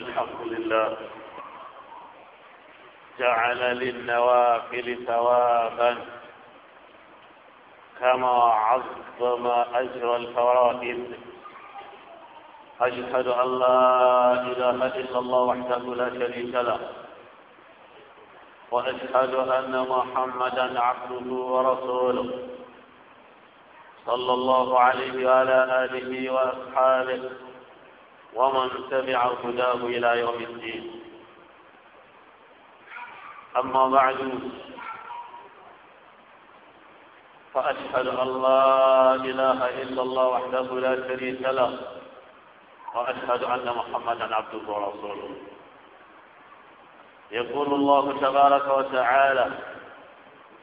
الحمد لله جعل للنوافل ثوابا كما عظم أجر الفرائض أشهد أن لا إله إلا الله وحده لا شريك له وأشهد أن محمدا عبده ورسوله صلى الله عليه وعلى آله وأصحابه ومن تبع هداه إلى يوم الدين أما بعد فأشهد أن لا إله إلا الله وحده لا شريك له وأشهد أن محمدا عبده ورسوله يقول الله تبارك وتعالى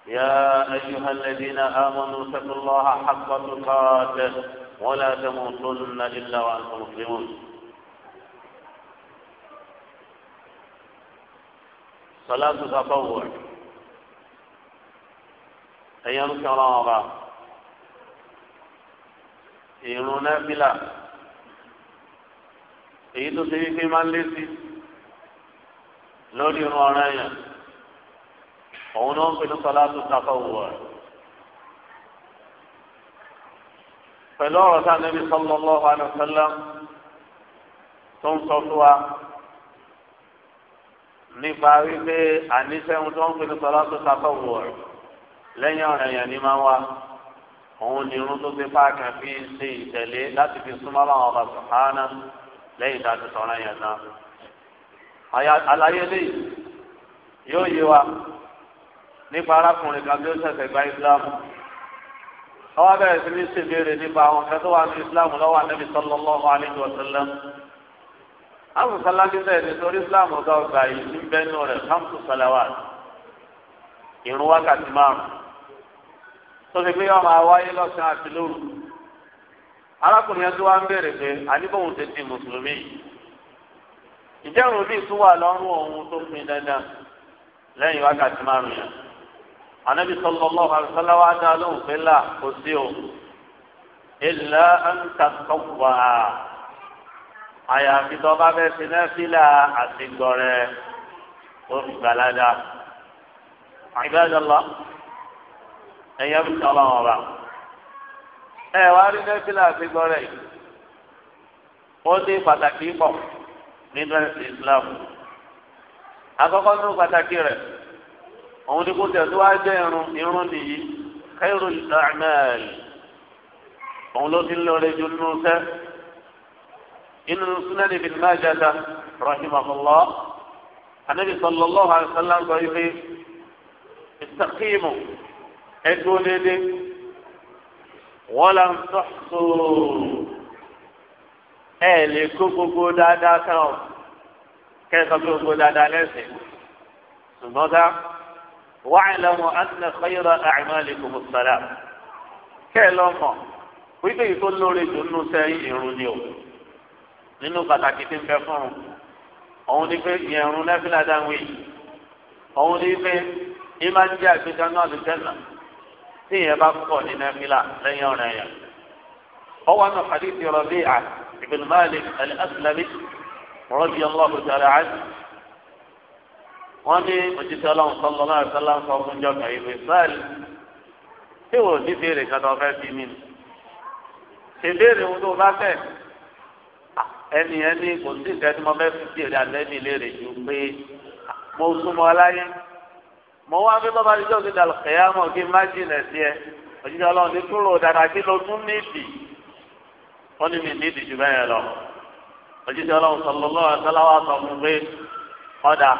يا أيها الذين آمنوا اتقوا الله حق تقاته ولا تموتن إلا وأنتم مسلمون sọlá tó sábà wọ̀ ẹ̀yẹ́ ń sọ ọlọ́wọ́n ọba ìrún nẹ́fìlà èyí tó ṣe wípé máa ń lé sí lórí irun ọ̀rẹ́ yẹn òun ni ń pè sọlá tó sábà wọ̀ ẹ̀. pẹ̀lú ọ̀rọ̀ sáà nẹ́bí sọ́lọ́lọ́ wa ní tó ń sọ fún wa nípa wípé àníṣẹ́hun tó ń pinnu sọlá tó sábà wọ̀ lẹ́yìn ọ̀rẹ́ yẹn ni máa wá òun ni irun tó gbé páàkì fi ṣe ìtẹ̀lé láti fi súnmọ́ láwọn ọba sọ̀hánà lẹ́yìn tá a ti sọ̀rọ̀ yẹn náà. àlàyé lè yóò yé wa nípa arákùnrin kan tó ṣẹ̀ṣẹ̀ gba Islam ọwọ́ bẹ̀rẹ̀ sí ní ṣèbéèrè nípa àwọn kan tó ní Islam lọ́wọ́ Ànábì sallallahu alaihi hamsu salati bẹ́ẹ̀ nítorí islam ọ̀gá ọ̀gá yìí ní bẹ́ẹ̀nù rẹ̀ hamsu salawat ìrun wákàtí márùn tó fi pé yọ máa wáyé lọ́sàn-án àti lóru arákùnrin yẹn tó wá ń béèrè pé àníbòhùn ti di mùsùlùmí ìjẹ́rùn mi tún wà lọ́rùn òun tó fi dandan lẹ́yìn wákàtí márùn yẹn anabi sallallahu alaihi wasallam wa dá lóhùn pé là kò sí o illa an taqwa àyàfi tó bá fẹ́ ṣe nẹ́fìlà àti gbọ̀rẹ́ ó fi gbàládà àgbàdàlọ́ ẹ̀yẹ́ fi sọ́lọ́ wọn bá ẹ wá rí nẹ́fìlà àti gbọ̀rẹ́ yìí ó dé pàtàkì pọ̀ nínú ẹ̀sìn Islam àkọ́kọ́ nínú pàtàkì rẹ̀ òun ni kò tẹ̀ wá jẹ́ irun irun nìyí khairul a'mal òun ló ti ń lọ rẹ ju nínú sẹ́ẹ̀ inú sunan ibn majah rahimahullah anabi sallallahu alayhi wa sallam sọ yìí pé istaqimu ẹdúró déédéé wala tuhsu ẹ lè kó gbogbo dáadáa kan o kẹsàn-án gbogbo dáadáa lẹ́sìn ṣùgbọ́n dá wa'lamu anna khayra a'malikum as-salat kẹ́ ẹ lọ́mọ wípé ìtò lórí dùnú sẹ́yìn ìrún ni o nínú pàtàkì tí ń bẹ fún un òun ni pé ìyẹ̀rún lẹ́fílà dáhùn yìí òun ni pé ìmá ń jẹ́ àgbéga náà lè tẹ̀lé tí ìyẹn bá pọ̀ ní lẹ́fílà lẹ́yìn ọ̀rẹ́ yẹn. ọwọ́ àná hadithi Rabi'a ibn Malik al-Aslami radiyallahu ta'ala anhu. wọ́n ní òjíṣẹ́ ọlọ́run sọ́lọ́ náà sọ́lá ń sọ fún jọ́kà ìwé sáàlì tí wò ní béèrè kan tó fẹ́ bí mi. ṣèbéèrè ẹni ẹni kò sí nǹkan tí mo fẹ́ fi sí èrè àtẹ́bí léèrè ju pé mo súnmọ́ aláyé mo wá fi bọ́ bá ti jọ́ sí dàlù kẹ́yàmọ̀ kí n má jìnà sí ẹ òjijì ọlọ́run ti túrò dára kí ló tún nídìí wọ́n ní mi nídìí jù bẹ́ẹ̀ lọ òjijì ọlọ́run sọlọ́lọ́ ọ̀sọ́láwà sọ fún pé ọ̀dà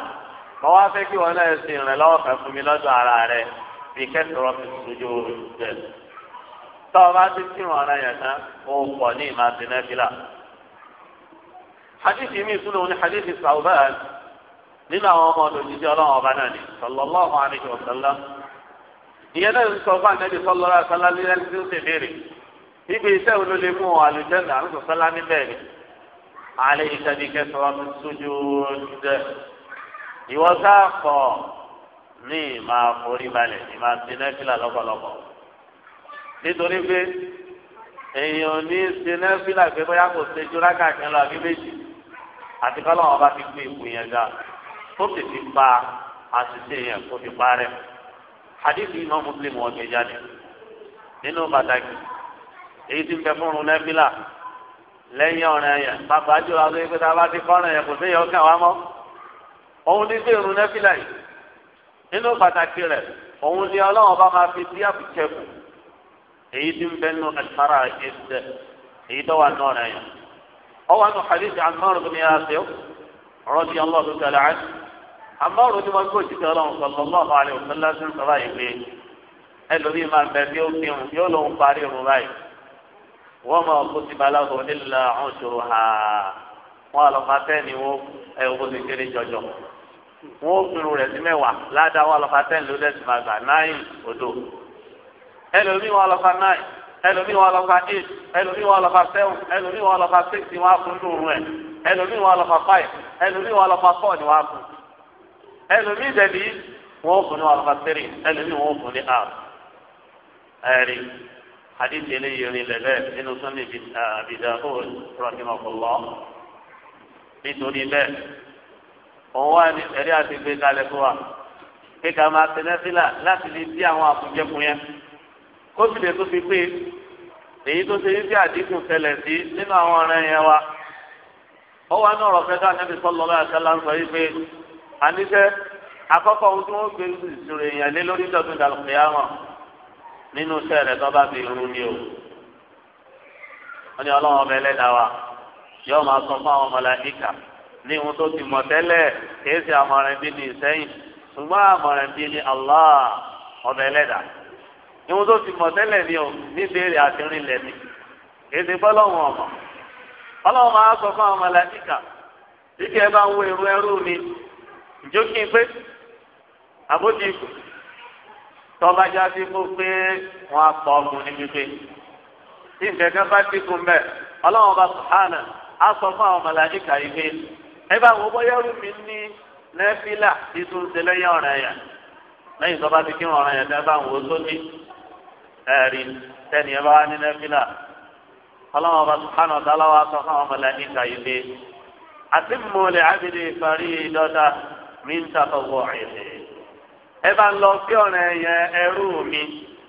mo wá fẹ́ kí wọn náà sin rẹ̀ lọ́wọ́ fẹ́ fún mi lọ́dọ̀ ara rẹ̀ bí kẹ́sìrọ́ fi sojú ojú tọ́ ọ bá ti kírun ọ̀ràn yẹn tán ó pọ̀ ní ìmọ̀ hadithi mi tún lòun ní hadithi Sauban nínú àwọn ọmọ ọdún jíjẹ Ọlọ́run ọba náà ni sallallahu alayhi wa sallam ìyẹn náà ń sọ fún anabi sallallahu alayhi wa sallam lílẹ tí ó ti béèrè ibi iṣẹ́ wo ló lè mú àlùjẹ́nà àrùn sọ̀sọ́lá níbẹ̀ ni alẹ́ ìtàdí kẹsàn-án tó sójú dẹ ìwọ sáà kọ̀ ní ìmọ̀ àforíbalẹ̀ ìmọ̀ àti nẹ́fìlà lọ́pọ̀lọpọ̀ nítorí pé èèyàn ní sinẹ́fìlà pé bóyá kò ṣe jù rákàkẹ́ lọ àbí méjì àti kọ́ lọ́wọ́ bá fi gbé ipò yẹn ga tó sì fi pa àṣìṣe yẹn kó fi parẹ́ hadith yìí náà muslim wọn gbé jáde nínú pàtàkì èyí tí ń bẹ fún un nẹ́bílà lẹ́yìn ọ̀rẹ́ yẹn bàbá jùlọ àwọn ẹgbẹ́ tá a bá ti kọ́ràn yẹn kò sí yẹn kàn wá mọ́ òun ní sí irun nẹ́bílà yìí nínú pàtàkì rẹ̀ òun ni ọlọ́wọ́n bá máa fi sí àbùkẹ́kù èyí tí ń bẹ nínú ẹ̀sára ẹ̀sẹ̀ èyí tó wà náà rẹ̀ yẹn ọwọ́ àná hadith Ammar bin Yasir radiyallahu ta'ala anhu Ammar ni wọ́n gbòòjì tẹ ọlọ́run sallallahu alaihi wasallam sí sọ́lá ìgbé ẹlòmíì máa bẹ bí ó fi hùn yóò lòun parí irun báyìí wọ́n máa kó ti baláwo nílà ọ̀ṣọ́ ha wọ́n àlọ́fà tẹ́ni wọ́n ẹ̀ owó ti kéré jọjọ wọ́n ó pinnu rẹ̀ sí mẹ́wàá ládàá wọ́n àlọ́fà tẹ́ni ló dẹ̀ sì máa gbà náírà odò ẹlòmíì wọ́n àlọ́fà náírà ẹlòmíì wọn lọ fa eight ẹlòmíì wọn lọ fa seven ẹlòmíì wọn lọ fa six ni wọn á fún lóru ẹ ẹlòmíì wọn lọ fa five ẹlòmíì wọn lọ fa four ni wọn á fún ẹlòmíì dẹbi wọn ò fún ni wọn lọ fa three ẹlòmíì wọn ò fún ni half ẹ̀rí hadithi eléyìí rin lẹ́lẹ́ nínú sunni abidahood rahimahullah nítorí bẹ́ẹ̀ òun wá ní ẹ̀rí àti gbé kalẹ̀ fún wa kíkà máa tẹ̀lé sílà láti lè dí àwọn àfúnjẹkùn yẹn ó sì lè tó fi pé èyí tó ṣe wípé àdínkù tẹlẹ sí nínú àwọn ọ̀rẹ́ yẹn wa ó wá ní ọ̀rọ̀ fẹ́ẹ́ káàkiri sọ́lọ́ lọ́yà sẹ́lá ń sọ wípé àníṣe àkọ́kọ́ ohun tí wọ́n gbé ìṣòro èèyàn lé lórí ìjọba ìdàlùkọ́ yà wọ̀n nínú iṣẹ́ rẹ̀ tó bá fi irun ni o wọ́n ní ọlọ́wọ́n ọba ẹlẹ́dàá wa yóò máa sọ fún àwọn màláíkà ní ohun tó ti mọ̀ tẹ́lẹ̀ kì ṣe àmọ̀ràn bíi ní ìsẹ́yìn ṣùgbọ́n àmọ̀ràn bíi ní Allah ọba ẹlẹ́dàá. ìwọ́n tó ti mọ̀ tẹ́lẹ̀ ni o ní ìbéèrè àtìrìn mi. èdè bọ́lọ́hún ọmọ ọlọ́run máa sọ fún àwọn màláíkà bí kí ẹ bá ń wo irú ẹrú ni ìjó kí n pé àbójì tọ́ba jáde kó pé wọ́n á pọ̀ ọkùnrin tí bá dínkù mbẹ́ ọlọ́run bá á lẹ́yìn tó bá ti kí wọn ọ̀ràn yẹn tẹ́ bá ń wo sódì ẹ̀rí tẹ́ni ẹ bá wá ní nẹ́fìlà ọlọ́wọ́n bá sùkánù ọ̀dálá wa sọ fún àwọn ọmọ lẹ́ni kàyédé àti mọ̀lẹ́ àbídé parí dọ́tà mi ń tàkọ̀wọ̀ ẹ̀dẹ̀. ẹ bá ń lọ sí ọ̀ràn yẹn ẹrú mi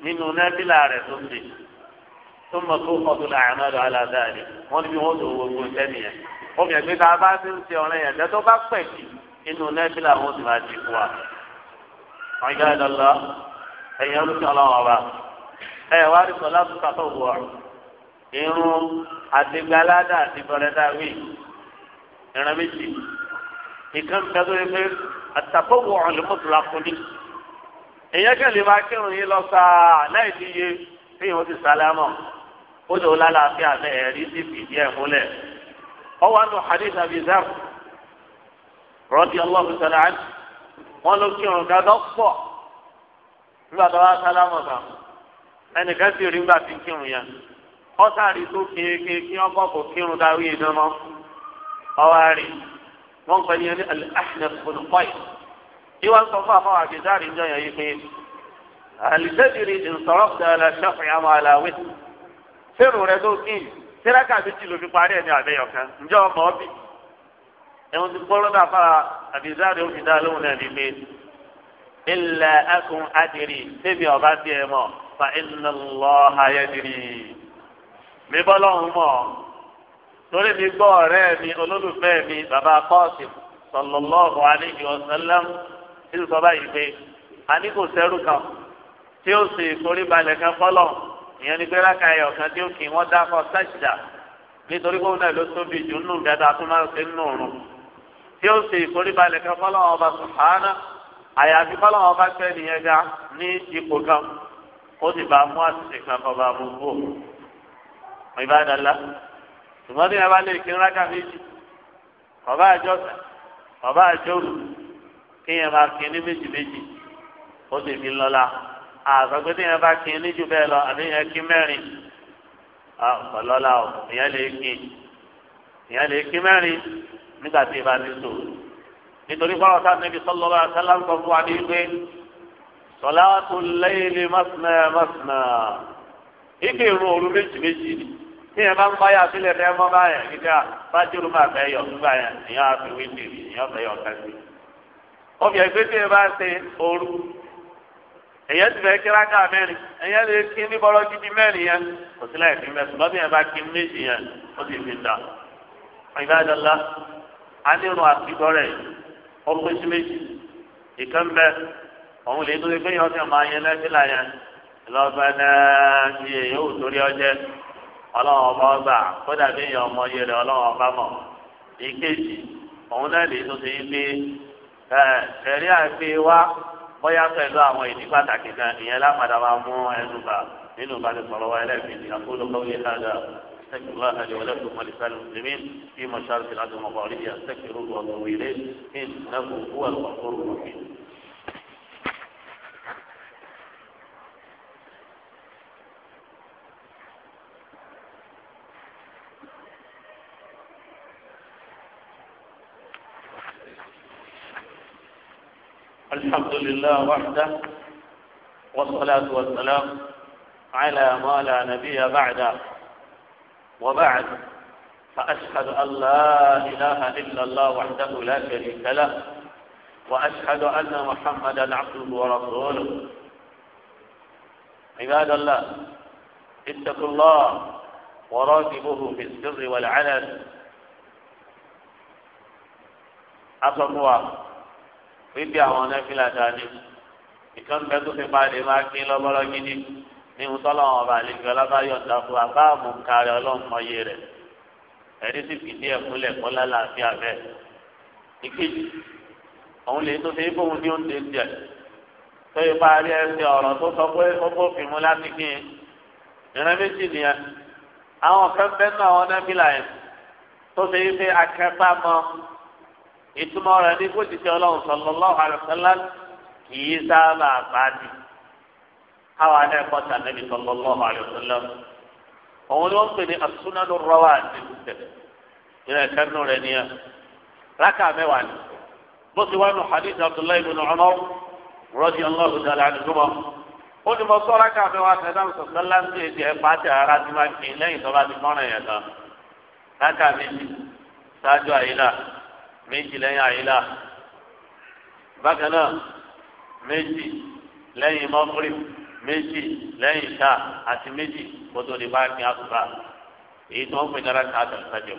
nínú nẹ́fìlà rẹ̀ tó ti tó mọ̀ tó ọdún àyànná lọ aláàdáàdì wọ́n ní wọ́n tó gbogbo ọ̀gá ìdọ̀lá ẹ̀yìn olùkọ́ ọlọ́wọ́ ọba ẹ̀ wá rí sọlá tó kàtó wọ̀ irun àtìgbàládà àtìgbọ̀lẹ́dà wí ìran méjì ìkan pẹ̀lú ẹgbẹ́ àtàkọ́wọ̀ ọ̀lẹ́mọ̀tòlá kọ́ni èyàn kẹ́ lè máa kírun yín lọ sáà láì ní iye tí ìwọ́n ti sálámọ̀ ó lò lálàáfíà náà ẹ̀rí sí fìdí ẹ̀ múlẹ̀ ọwọ́ àti hadith abizar rọ́ọ̀dì ọlọ́ọ̀fíìsọ̀lá àti wọn ló kí ọrùn gàdọ pọ nígbà tó wá sálámọ kan ẹnìkan sì rí nígbà tí kírun yẹn ọsàrí tó kéèké kí wọn bọ kó kírun dáwé iná mọ ọwọ àárín wọn kọ yẹn ní al-Ahnaf bin Qais ìwà ń sọ fún àfọwọ àgbẹjáde ń jọyàn yìí pé àlìsẹ́dìrì ìsọ̀rọ̀kùtà aláṣẹ́fù yà máa la wí. fẹ́rù rẹ tó kí tíráka méjì ló fi parí ẹ̀ àbẹ́yọ̀ kan ǹjẹ́ ọmọ ọ ẹ̀wọ̀n ti kọ́ lọ́dà fara àbíjáde òfin dá lóhùn náà nílé ilẹ̀ ẹkùn adìrì tẹ́bi ọba tí ẹ mọ̀ fa iná lọ ayẹ́dìrì mi bọ́ lọ́hùn mọ̀ torí mi gbọ́ ọ̀rẹ́ mi olólùfẹ́ mi bàbá kọ́ọ̀sì sọlọ́lọ́ọ̀bù aleyhi ọ̀sálẹ́m tí sọ báyìí pé a ní kò sẹ́rù kan tí ó sì foríbalẹ̀ kan fọ́lọ̀ ìyẹn ni pé lákàáyọ̀ kan tí ó kì wọ́n dákọ̀ sáṣìdá nítorí kóun náà ló tóbi jù nínú ìdájọ́ atúmọ̀ sí nínú òrùn tí ó ṣe ìforíbalẹ̀ kan fọlọ́wọ́n ọba sùhánà àyàfi fọlọ́wọ́n ọba pẹ́ nìyẹn ga ní ipò kan ó sì bá mú àṣìṣe kan kọba gbogbo ìbádàlá ṣùgbọ́n ní ẹ̀bá lè kí rákà méjì ọba àjọsẹ̀ ọba àjọrù kí yẹn máa kí ní méjì méjì ó sì fi lọ́la àgbàgbé tí yẹn bá kí ní jù bẹ́ẹ̀ lọ àbí yẹn kí mẹ́rin ọ̀pọ̀lọ́la ò ìyẹn lè kí ìyẹn lè kí mẹ́rin nígbà tí ìbá ti sò nítorí kọ́rọ̀ tá níbi sọ́lọ́ bá sálá ń sọ fún wa ní pé sọlá tó lẹ́yìnlẹ́ mọ́sánà mọ́sánà ike ìrun òru méjì méjì ni tí ẹ bá ń báyà sílẹ̀ fẹ́ mọ́ báyà nígbà bá jòrò máa fẹ́ yọ nígbà yẹn ìyá fi wí tèmi ìyá fẹ́ yọ kẹ́sì. obìnrin pé tí ẹ bá ṣe òru èyẹ ti fẹ́ kíráká mẹ́rin èyẹ lè kí ní bọ́lọ́ gidi mẹ́rin yẹn kò sílẹ̀ ìfimẹ́sùn lọ́bìnrin bá kí méjì yẹn ó sì fi dà. alérò àtijọ́ rẹ̀ ọgbẹ́ sí méjì ìkan bẹ òun lè dúró gbẹ́yìn ọ̀sẹ̀ máa yẹn lẹ́sílà yẹn lọ́gbẹ́ náà ti èyí ò torí ọjẹ́ ọlọ́wọ́n ọba ọgbà kódà bí ọmọ yẹn rẹ̀ ọba mọ̀ ìkejì náà lè tó ṣe ẹ̀rí pẹ̀lú àwọn ìdí pàtàkì kan ìyẹn lápàdà máa mú ẹnu nínú ìbánisọ̀rọ̀ wa ẹlẹ́gbẹ̀ẹ́ أستغفر الله لي ولكم ولسائر المسلمين في مشارق الأرض ومغاربها أستغفروه وأتوب إليه إنه هو الغفور الرحيم الحمد لله وحده والصلاة والسلام على ما لا نبي بعده وبعد فأشهد أن لا إله إلا الله وحده لا شريك له وأشهد أن محمدا عبده ورسوله عباد الله اتقوا الله وراقبوه في السر والعلن أصبوا في دعوانا في الأداني ìkan bẹ في fi máa lè máa ní ìwúsọ́lọ́wọ́n ọba àlejò ọlábáyọ̀ dàpọ̀ àbáàmù kárí ọlọ́mọye rẹ̀ ẹ̀rí sì fìdí ẹ̀ múlẹ̀ kọ́ lálàáfíà bẹ́ẹ̀. ìkejì òun lè tó ṣe é bóun ní oúnjẹ tiẹ̀ tó ipa rí ẹsẹ̀ ọ̀rọ̀ tó sọ pé ó bófin mu láti kí n ìran méjì nìyẹn àwọn kan bẹ́ẹ̀ náà wọn nábìlà yẹn tó ṣe é pé akẹ́fà mọ́ ìtumọ̀ rẹ̀ ní kó ti ṣe ọlọ́run sallallahu alaihi wasallam kì í sábà pàdé káwa náà kọ́ sí anabi sallallahu alaihi wasallam òun ni wọ́n pè ní asúnánú rọwà àti ìbùsẹ̀ ìrẹ̀ kẹ́nu rẹ̀ nìyẹn rákà mẹ́wàá ni bó ti wá nù hadith abdullahi ibn umar radiyallahu ta'ala anhuma ó ní mo sọ rákà mẹ́wàá sẹ́dá sọ̀tàn láti èdè ẹ̀ pàtẹ ara ti máa fi lẹ́yìn tó bá ti mọ́ràn yẹn tán rákà méjì ṣáájú àyílà méjì lẹ́yìn àyílà bákan náà méjì lẹ́yìn mọ́kúrì méjì lẹ́yìn ìṣá àti méjì kótó ní báńkì àtúbà èyí tó ń pè dára ká àtàkàjọ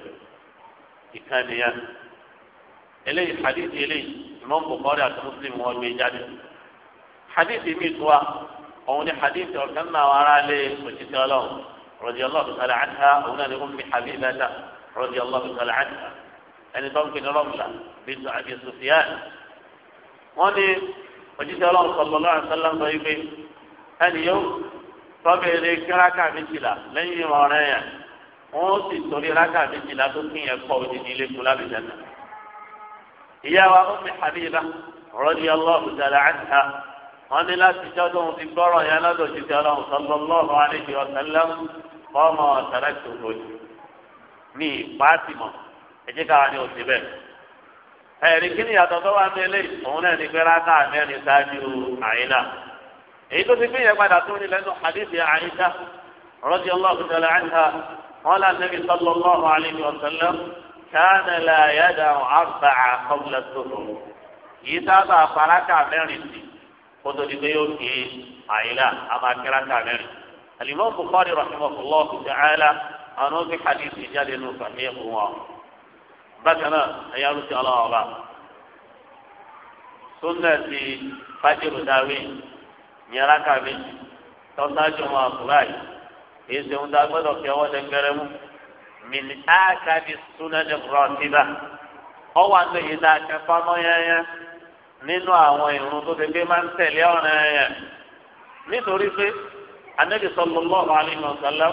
ìkànnì yẹn eléyìí hadith eléyìí imam bukhari àti muslim wọn gbé jáde hadith mi tó wa òun ni hadith ọ̀kan náà wà á lé òṣìṣẹ́ ọlọ́run radiyallahu ta'ala anha òun náà ni ummi habibata radiyallahu ta'ala anha ẹni tó ń pè ní rọ́mùlà bint abi sufyan wọ́n ní òṣìṣẹ́ ọlọ́run sallallahu alaihi ẹnìyó tọ́bẹ̀rẹ̀ kíráka méjìlá lẹ́yìn ọ̀rẹ́ yẹn wọ́n sì torí ráka méjìlá tó kí yẹn kọ́ òdì nílé kú lábẹ́jẹ́ náà. ìyá wa Ummu Habiba radiyallahu ta'ala anha wọ́n ní láti jọ́dọ̀ ohun ti gbọ́rọ̀ yẹn lọ́dọ̀ ti di ọlọ́run sallallahu alaihi wa sallam ọmọ ọ̀sẹ̀rẹ̀ tó lòdì ní ẹ̀jẹ̀ èyí tó ti fi yẹn padà tó ní lẹ́nu hadithi Aisha radiyallahu ta'ala anha qala an-nabi sallallahu alayhi wa sallam kana la yada'u arba'a qabla as-suhur yìí sábà faraka mẹ́rin sí kótó ti pé yóò ké àyílá amakiraka mẹ́rin alimọ́ Bukhari rahimahullahu ta'ala àwọn ó fi hadithi jáde nù fàmíyẹ̀kù wọn bákan náà ẹ̀yà ló ti ọlọ́wọ́ bá sunnah dáwìn ìyẹn alákà méjì tọ́sájú wọn àkùrá yìí èyí ṣe ń da gbọ́dọ̀ fi ọwọ́ dẹ́gbẹ́rẹ́ mú mìlí ákàdì súnẹ́dẹ̀ rọ̀tìbà ọwọ́ àti èyí tá a kẹ fámọ́ yẹnyẹn nínú àwọn ìrun tó ti gbé máa ń tẹ̀lé ọ̀rẹ́ yẹn nítorí pé anabi sallallahu alaihi wasallam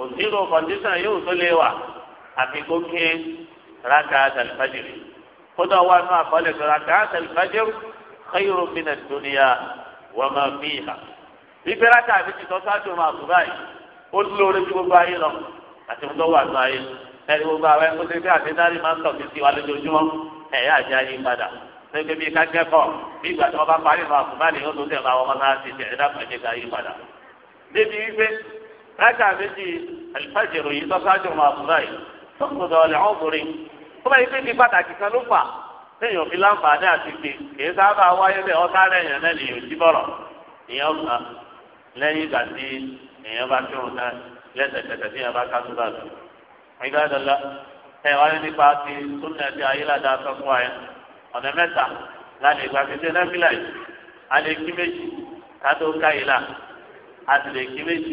òsínú kọ̀ǹdíṣàn yóò tó lé wa àfi kó ké rákà àtàlùfájìrì kódà wà nù àkọọ́lẹ̀ tó rákà àtàlùfájìrì khairu min ad-dunya wọ́n máa fi ìhà. Bíbẹ́ láti àbí ti sọ sáájú máa kú báyìí, ó lóore ju gbogbo ayé lọ àti gbogbo wà nù ayé. Ẹni gbogbo àwọn ẹ̀kọ́ ṣe fẹ́ àti dárí máa ń tọ̀ sí wa lójoojúmọ́. Ẹ̀yà àti ayé padà. Ṣé bí kákẹ́kọ̀ọ́ bí ìgbà tí wọ́n bá parí máa kú báyìí ó tún tẹ̀ máa wọ́n máa ti tẹ̀ ẹ̀dá pàdé ká padà. Débi wípé láti àbí ti àlùfáàjì téèyàn fi láǹfààní àti fi kìí sábà wáyé bẹ́ẹ̀ ọ́sá lẹ́yìn náà lèyìn òsì bọ̀rọ̀ ìyẹn ọ̀sà lẹ́yìn ìgbà tí èèyàn bá kírun náà lẹ́sẹ̀kẹsẹ̀ tí èèyàn bá ká túbà tó. ìgbà dọ̀la ẹ wáyé nípa ti súnmọ́ ti ayélujára sọ fún wa yẹn ọ̀nà mẹ́ta láti ìgbà kété nẹ́fìlà yìí a lè kí méjì kátó ká yìí là a sì lè kí méjì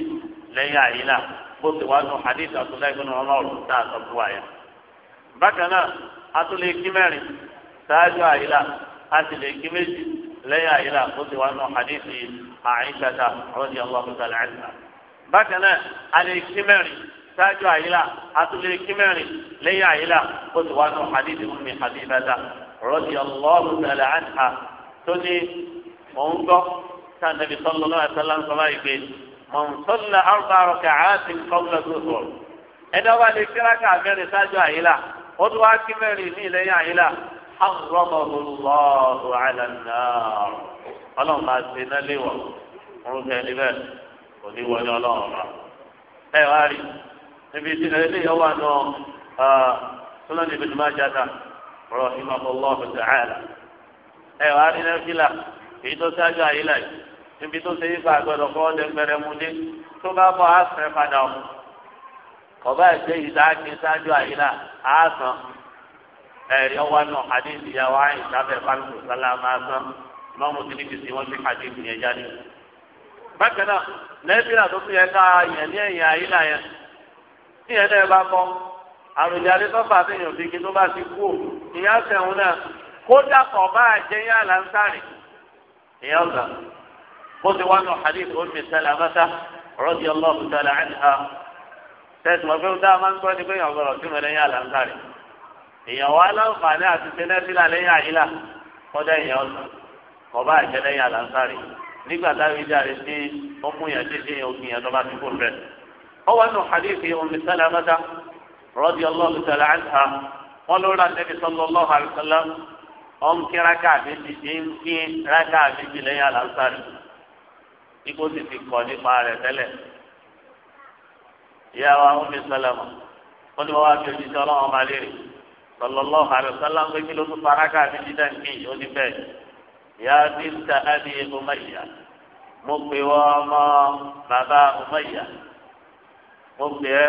lẹ́yìn àyílà bó ti wá nù hadith àtúnlẹ̀ ìgbóná ọlọ́run tá a sọ fún wa yẹn. bákan náà a tún lè kí mẹ́rin ṣáájú àyílà a sì lè kí méjì lẹ́yìn àyílà ó sì wá nù hadithi àyíṣàṣà rọ́ọ̀dì ọlọ́run tàlẹ́ àyíṣà. bákan náà a lè kí mẹ́rin ṣáájú àyílà a sì lè kí mẹ́rin lẹ́yìn àyílà ó sì wá nù hadithi ummi habibata rọ́ọ̀dì ọlọ́run tàlẹ́ àyíṣà tó ní òun gbọ́ sáà nàbì sallallahu alaihi wasallam من صلى أربع ركعات قبل الظهر إذا ولي كرك أمير ساجو عيلا قد واكمل لي لي عيلا arọ́bọ̀bọ̀ lọ́ọ̀rọ̀ àlànà ọlọ́run máa ṣe iná léwọ̀ orúkọ ẹni bẹ́ẹ̀ kò ní wọlé ọlọ́run rà. ẹ wá rí níbi tí eléyìí wà nù sọlá níbi tí máa jáda rọ ìmọ̀kọ lọ́ọ̀rọ̀ tààlà. ẹ wá rí nẹ́fìlà èyí tó ṣáájú àyílẹ̀ níbi tó ṣe yípa àgbẹ̀dọ̀ kọ́ ọ́dẹ mẹrẹmúdé tó bá bọ̀ á sẹ́ padà ẹ̀rí ọwọ́ nù hadith ìyàwó àyíṣà bẹ́ẹ̀ fáńtò sálámà sán ìmọ̀mù tìlíkì sí wọ́n fi hadith yẹn jáde. bákan náà lẹ́bíra tó fi yẹ ká yẹn ní ẹ̀yìn ayé náà yẹn tí yẹn náà bá kọ́ àròjàre tó fà sí èèyàn fìkì tó bá ti kú ìyá sẹ́wọ̀n náà kódà kọ̀ bá jẹ́ yá làǹtàrì ìyá ọ̀gá bó ti wá nù hadith Ummi Salamata radiyallahu ta'ala anha tẹ̀sán èèyàn wá láǹfààní àti tẹ́lẹ́fílà lẹ́yìn àyílà kọ́dá èèyàn ọ̀sán kọ́bá àjẹ lẹ́yìn àlàǹsárì nígbà táwọn ìjà rẹ̀ sí ọkùn yẹn tí ṣe ògùn yẹn lọ́ba tó kún rẹ̀. ọwọ́ nù hadithi omi sálẹ̀ mẹ́ta rọ́dí ọlọ́ọ̀lù sálẹ̀ àǹtà wọn ló rà nẹ́bí sọlọ́ọ̀lọ́ àlùsálà ọ̀n kí rákà méjì ṣe ń kí rákà méjì lẹ́yìn àlàǹsárì ikú sì ti kọ́ nípa rẹ̀ tẹ́lẹ̀ ìyá omi sálẹ̀ wọn ni wọ́n wá fi òjijì sọlọlọ àrùsọlá ń gbégbé ló tún faraka àti dídá ní kéyìí ó ní bẹ́ẹ̀ yá bí ń ta á ní Umayya mo pè wọ ọmọ bàbá Umayya mo pè ẹ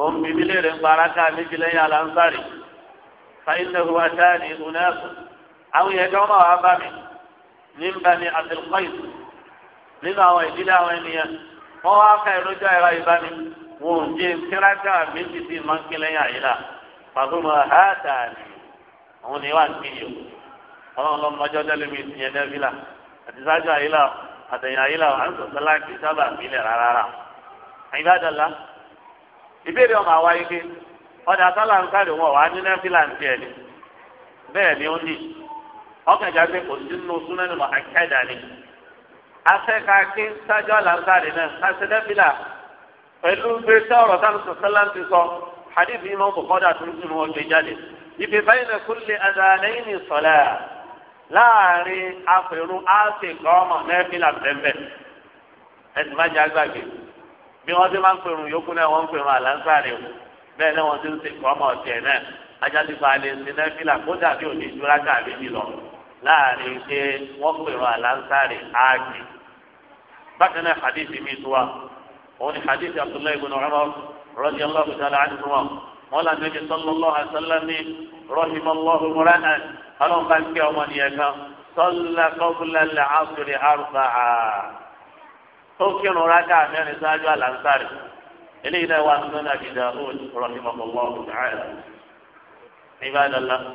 òun bíbí léèrè ń faraka méjì lẹ́yìn aláǹsárì fàyínlẹ̀hu àtàní unẹ́ẹ̀kù àwọn yẹn kọ́ máa wá bá mi ní ń bá ní àtẹlùkọ́yìn nínú àwọn ìdílé àwọn ènìyàn wọ́n wá ká ìrójú àìráyè bá mi wọn ò jẹ́ kíráàkà méjì sí ìmọ̀ ń kílẹ̀ yàrá fàgùnmọ̀ hátàní òun ni wà ní yìí o ọlọ́run lọ́mọdé lẹ́nu mi ti yẹn dẹ́bílà àti sáájú àyílà àtẹ̀yìn àyílà à ń sọ̀tọ́ láti sábà mílẹ̀ rárá àyíbádọ́lá ìbéèrè ọmọ àwa kò ni afẹ́ka kí náà pẹ̀lú gbèsè ọ̀rọ̀ sọ. hadith yìí máa ń bọ̀kọ́ dà tuntun ni wọ́n gbé jáde ibi báyìí kulli adhanayn ní sọ̀lá láàrin afẹ́rú àṣekọ́ ọmọ mẹ́fìlà pẹ́pẹ́ ẹ̀sìn má jẹ́ àgbàgbé bí wọ́n ti máa ń pèrún yòókù náà wọ́n ń pèrún àlàǹsàrè o bẹ́ẹ̀ náà wọ́n ti ń sekọ́ ọmọ ọ̀tẹ̀ náà ajálùfà lè ṣe mẹ́fìlà kódà bí òní ìdúrà káàbí mi lọ láàrin pé wọ́n pèrún àlàǹsàrè áàgì bákan náà hadith mi tó wa òun ni hadith Abdullahi ibn Umar رضي الله تعالى عنهما قال النبي صلى الله عليه وسلم رحم الله امرأ قال قال يوم يكا صلى قبل العصر أربعة توكين راكع من ساجو الأنصار إلينا وأنزل أبي داود رحمه الله تعالى عباد الله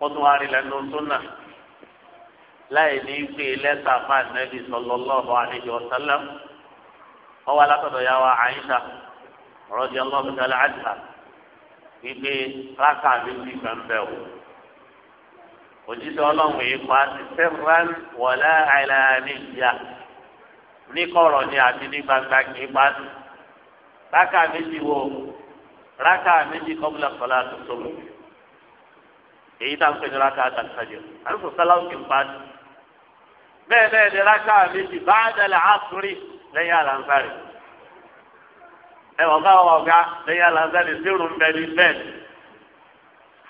قطوار لأنه سنة لا يليق إلا سافا النبي صلى الله عليه وسلم هو لقد يا عائشة rọ́jì ọlọ́mọdéla àjà wípé rákà méjì kan bẹ̀ wò òjíṣẹ́ ọlọ́run yìí pa sẹ́fúrán wọlé àìláníjà níkọ̀rọ̀ ni àti ní gbangba kì í pa rákà méjì wo rákà méjì kọ́bùlà kọ́lá tuntun èyí tá à ń pè ní rákà àtàkàjọ àlùkò sáláwù kì í pa bẹ́ẹ̀ bẹ́ẹ̀ ni rákà méjì bá dàlẹ́ àtúrì lẹ́yìn àlàǹfààní ẹ ọ̀gá ọ̀gá lẹ́yìn alazani sírù ń bẹ ní bẹ́ẹ̀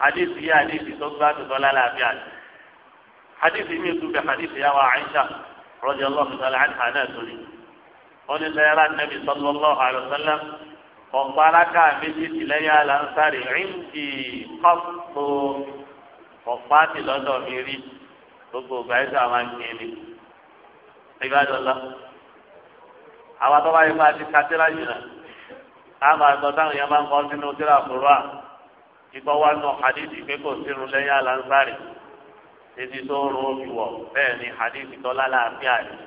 hadith yìí hadith tó gbá tuntun lálàáfíà hadith mi tún bẹ hadith yà wà Aisha radiyallahu ta'ala anha náà tó ní. wọ́n ní sẹ́yàrá nàbì sallallahu alaihi wasallam ọ̀pọ̀ aláka méjì ti lẹ́yìn alansari ríńkì kọ́pù ọ̀pá ti lọ́dọ̀ mi rí gbogbo ọgbà àwọn akéèrè ìbádọ́lá àwọn àtọ́wáyé fún àti kátírà yìí náà àmà àgbọ̀táwọn yẹn máa ń kọ́ sínú tíra kúrò à ìgbọ́ wa nù hadith pé kò sírun lẹ́yìn alansari títí tó rún òbí wọ̀ bẹ́ẹ̀ ni hadith tó lálàáfíà rẹ̀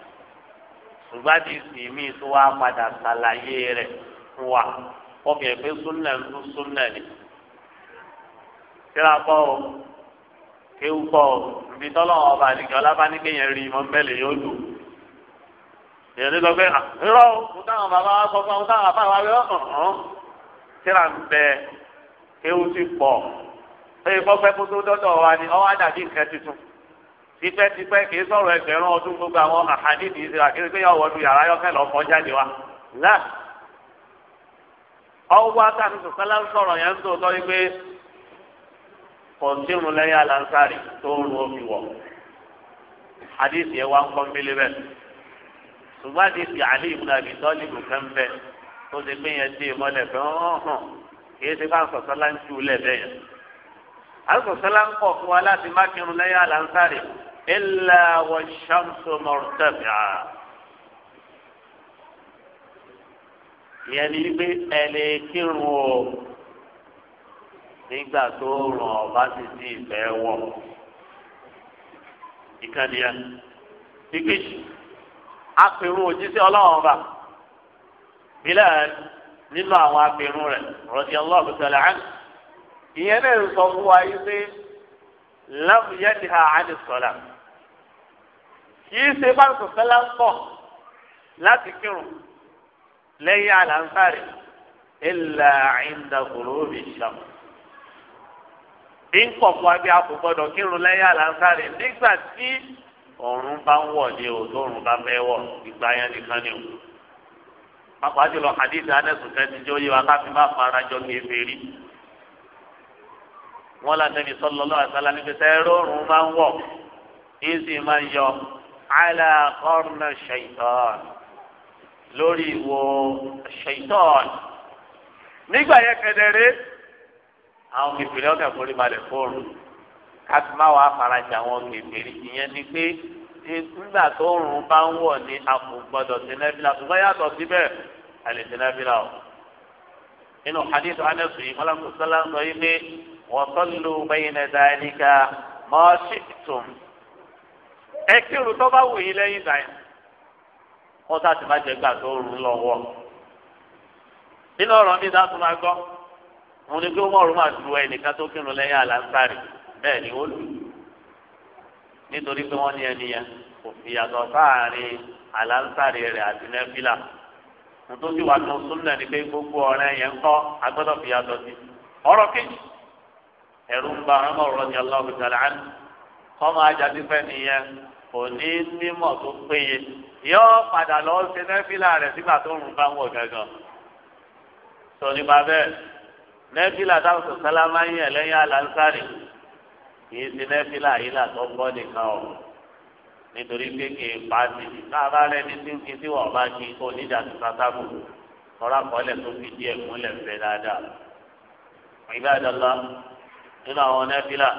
ṣùgbọ́n àti ìsìnmí tó wá padà ṣàlàyé rẹ̀ fún wa wọ́n kì í pé súnlẹ̀ ń tún súnlẹ̀ ni. tíra kọ́ o kéwù kọ́ o ibi tọ́lọ́ ọba àdìgbọ́lá bá ní kéèyàn rí i mọ́ mbẹ́lẹ̀ yóò dùn èèyàn ní lọ pé ah, irọ́ bàbá wa sọ bàbá wa yọ ọ̀hún kíra ń bẹ ewu ti pọ̀ èyí kọ́ fẹ́ kótó dọ́dọ̀ wa ni ọwọ́ àdàbí nǹkan tuntun tipẹ́tipẹ́ kì í sọ̀rọ̀ ẹgbẹ̀rún ọdún gbogbo àwọn àhàdìdì ìsirà kí ni pé yọ̀ wọ́dù yàrá yọ̀kẹ́ lọ́ fọ́ jáde wa náà ọwọ́ àtàkùn sọ̀kálá ń sọ̀rọ̀ yẹn ń tó tọ́ wípé kọ̀ǹtínù lẹ́yìn alansari tó ń ro omi wọ̀ àdìsí ẹ̀ wá ń kọ́ ń ṣùgbọ́n àti ti àlè ìmúna àbí tọ́lìbù kan bẹ tó ti pín yẹn dé mọ́lẹ̀ fẹ́ hàn kì í ṣe bá sọ̀sọ́ la ń ju lẹ̀ bẹ́ẹ̀ yẹn. àlùsọ̀sọ́ la ń pọ̀ fún wa láti má kírun lẹ́yìn àlàǹsárì ilà wọ ṣàmùsọ mọ̀rùtẹ́bìà. ìyẹn ni wípé ẹ lè kírun o nígbà tó ràn ọ́ ti di ìfẹ́ wọ̀. ìkànnì yẹn. apẹ̀rún òjíṣẹ́ ọlọ́run ọba Bilal nínú àwọn apẹ̀rún rẹ̀ radiyallahu ta'ala anhu ìyẹn náà ń sọ fún wa yìí pé lam yanha 'ani salat kìí ṣe bá kò fẹ́lá ń láti kírun lẹ́yìn àlàǹfààrí illa 'inda ghurubi shams ń pọ̀ fún wa bí a kò gbọ́dọ̀ kírun lẹ́yìn nígbà tí. ọ̀run bá ń wọ̀ ní o tóorun bá fẹ́ wọ̀ ìgbà yẹn nìkan ni o. pàápàá jùlọ hadith anẹ́sùn tẹ́tí tí ó yẹ wa káfí má fara jọ kí efe wọ́n là nẹ́bi sallallahu alaihi wasallam níbi tẹ́ rọrùn máa ń wọ̀ ìsì máa ń yọ ala qarna shaitan lórí ìwo shaitan. nígbà yẹn kẹ̀dẹ̀rẹ́ àwọn kìfìrí ọ̀kẹ́ forí balẹ̀ fóònù káfí má wàá farajà wọn kèfèrí ìyẹn ni pé nígbà tó rùn bá ń wọ̀ ní àpò gbọdọ̀ tẹ̀lẹ́bílà ṣùgbọ́n yàtọ̀ síbẹ̀ àlè tẹ̀lẹ́bílà o. inú hadith anẹ́sù yìí mọ́lákùn sọ́lá ń sọ yìí pé wọ́n sọ́lù bẹ́yìn ẹ̀dá ẹ̀díkà mọ́ọ́ṣì tùm. ẹ kírun tó bá wù yín lẹ́yìn ìgbà yẹn sá ti má jẹ́ gbà tó rùn lọ́wọ́. nínú ọ̀rọ̀ mi dá tó máa gbọ́ mo ní kí ó mọ̀ ọ́rùn máa ju ẹnìkan tó kírun lẹ́yìn àlàǹfààní bẹ́ẹ̀ ni ó lù nítorí pé wọ́n ní ẹni yẹn kò fi yàtọ̀ sáàárín àlàńsàrí rẹ̀ àti nẹ́fìlà nítorí wàá tún súnlẹ̀ ni pé gbogbo ọ̀rẹ́ yẹn ń kọ́ agbọ́dọ̀ fi yàtọ̀ sí ọ̀rọ̀ kejì ẹ̀rù ń ba ọmọ ọ̀rọ̀ ni ọlọ́run tẹ̀lé án kọ́mọ ajáde fẹ́ nìyẹn kò ní mímọ̀ tó péye yóò padà lọ ṣe nẹ́fìlà rẹ̀ sígbà tó rùn bá ń wọ̀ gángan sọ nípa bẹ́ẹ̀ nẹ́fìlà táwọn sọ̀tàlá kìí ṣe nẹ́fìlà yìí làtọ́ gbọ́ nìkan ọ̀ nítorí pé kìí pa sí i káàbá rẹ ní tí ń kí tí wọ́n bá kí kó níjà tó sátákù ọ̀rá kọ́lẹ̀ tó fi díẹ̀ múlẹ̀ fẹ́ dáadáa. ìgbà ìdọ́lá nínú àwọn nẹ́fìlà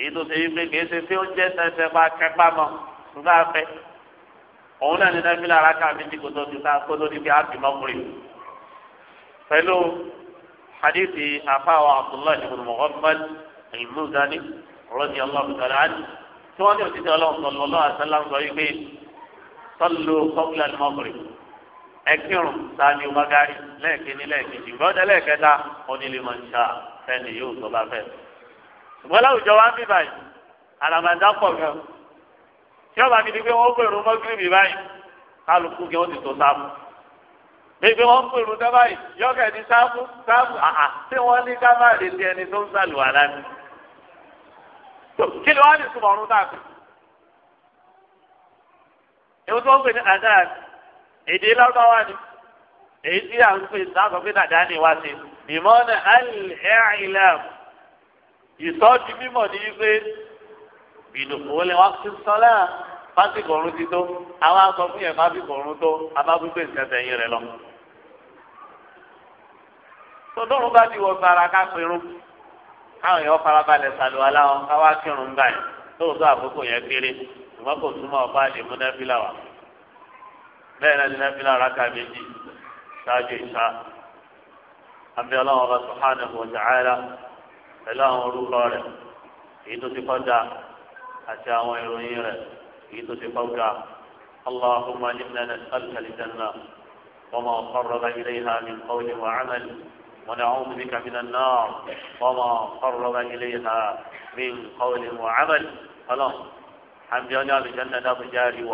èyí tó ṣe wípé kìí ṣe tí ó jẹ́ tẹ́tẹ́ bá kẹ́pá mọ́ nígbà fẹ́ òun náà ní nẹ́fìlà aráka méjì kó tó ti sá kó tó ní bí ábìmọ́kùnrin pẹ̀lú hadithi afáwọn Abdullahi ibn Muhammad المزني رضي الله تعالى عنه ثواني وتدى الله صلى الله عليه وسلم قريبين صلوا قبل المغرب أكثر ثاني ومغاري لكن لكن بعد لكن قل لمن شاء فإن يوصل فإن ولو جوابي باي على ما دفع tí ọba mi di pé wọn gbèrú mọgìrìbì báyìí kálukú kí wọn ti tó sáfù gbèsè wọn gbèrú dábàá yìí yọkẹ ní sáfù sáfù àhà tí wọn ní ká má lè di ẹni tó ń sàlùwà lánàá kí ni wọ́n á lè túbọ̀ ọ̀run náà kù. ewu tó ń pè ní azan èdè lọ́gbàwá ni èyí tí à ń pè sáàtọ̀ pé dàda wá sí ìmọ̀ọ́nà al-i'lam ìsọ́jú mímọ̀ ní wípé ìdòkòwò lè wá sí sọ́lá fásitì ọ̀run ti tó àwọn aṣọ fún yẹn fásitì ọ̀run tó abágbégbé ìṣẹ̀fẹ̀ yín rẹ lọ. tọ́dọ́rùn bá ti wọ sara ká pinnu káwọn èèyàn farabalẹ̀ sàlùwà láwọn káwá kírun báyìí lóòótọ́ àkókò yẹn kéré ṣùgbọ́n kò túmọ̀ ọba àdìmú nẹ́fìlà wà bẹ́ẹ̀ náà ni nẹ́fìlà rákà méjì ṣáájú ìṣá àbí ọlọ́run ọba subhanahu wa ta'ala pẹ̀lú àwọn orúkọ rẹ̀ èyí tó ti kọ́ àti àwọn ìròyìn rẹ̀ èyí tó ti kọ́ ga allahumma inna nas'aluka al-jannah wa ma qarraba ilayha ونعوذ بك من النار وما قرب إليها من قول وعمل خلاص عم جانا بجنة بجاري و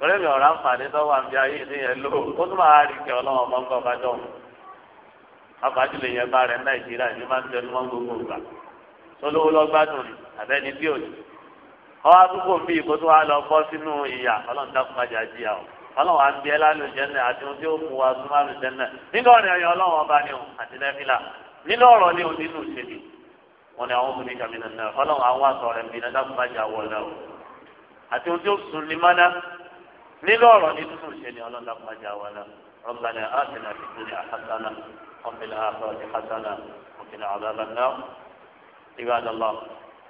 ولم يرى أنفاني دوا عم جاي إليه اللو كنت ما أعرف يا الله ما أبقى بعدهم أبقى جلي يبارة نيجيرا نمان جنمان بقوبا sọlọ́wọ́ lọ́gbádùn ni àbẹ́ni bí òní. ọ adúgbò bíi kó tó wá lọ bọ́ sínú ìyà ọlọ́run dákúmájà jíà o ọlọ́wọ́ àti ẹ̀ lálùjẹ́nà àti ohun tí ó mú wa súnmọ́ àlùjẹ́nà nínú ọ̀rẹ́ ọ̀yọ́ ọlọ́wọ́ ọba ni o àti lẹ́fìlà nínú ọ̀rọ̀ ni o nínú ìṣèlú wọn ni àwọn obìnrin kàmínà náà ọlọ́wọ́ àwọn aṣọ rẹ̀ mìíràn dákun bá jà wọ̀ náà o àti ohun tí ó sùn ní mọ́ná nínú ọ̀rọ̀ ni nínú ìṣèlú ọlọ́wọ́ dákun bá jà wọ̀ náà ربنا آتنا